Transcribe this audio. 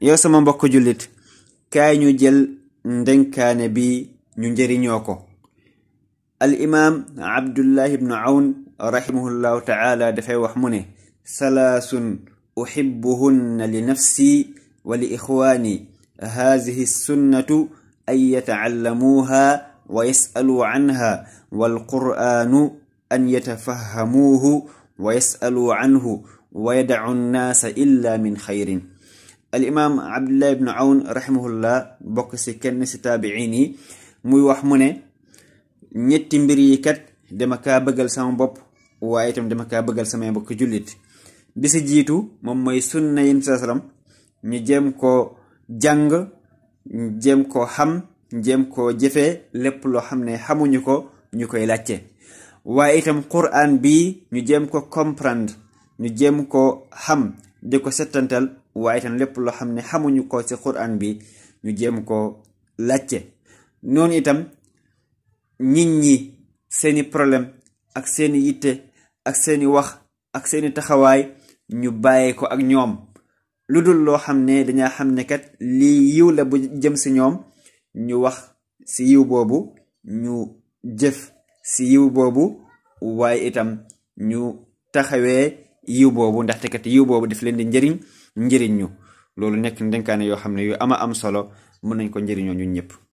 yow sama mbokk jullit kaay ñu jël ndenkaane bi ñu njëriñoo ko al imaam abdullahi ibnu awn rahimahullahu taala dafay wax mu ne salaasun uhibbuhunna li nafsi wa li ixwaani haadihi sunnatu an yataallamuuha wa yasaluu anha walqur'aanu an yatafahamuuhu wa yasaluu anhu wa yadacu nnaasa illa min xayrin al imaam abdullah ibnu awn rahimahullah bokk si kenn si taabiin yi muy wax mu ne ñetti mbir yi kat dama kaa bëggal sama bopp waaye itam dama kaa bëggal samay mbokk jullit bi si jiitu moom mooy sunna yin sa salam ñu jéem koo jàng jéem koo xam jéem koo jëfee lépp loo xam ne xamuñu ko ñu koy laajte waaye itam quraan bi ñu jéem ko comprendre ñu jéem ko xam di ko settantal waaye itam lépp loo xam ne xamuñu ko ci quran bi ñu jéem ko làcce noonu itam nit ñi seeni problème ak seeni yitte ak seeni wax ak seeni taxawaay ñu bàyyee ko ak ñoom lu dul loo xam ne dañaa xam ne kat lii yiw la bu jëm si ñoom ñu wax si yiw boobu ñu jëf si yiw boobu waaye itam ñu taxawee yiw boobu ndaxte kat yiw boobu daf leen di njëriñ njëriñ ñu loolu nekk ndenkaane yoo xam ne yu ama am solo mën nañ ko njëriñoo ñun ñëpp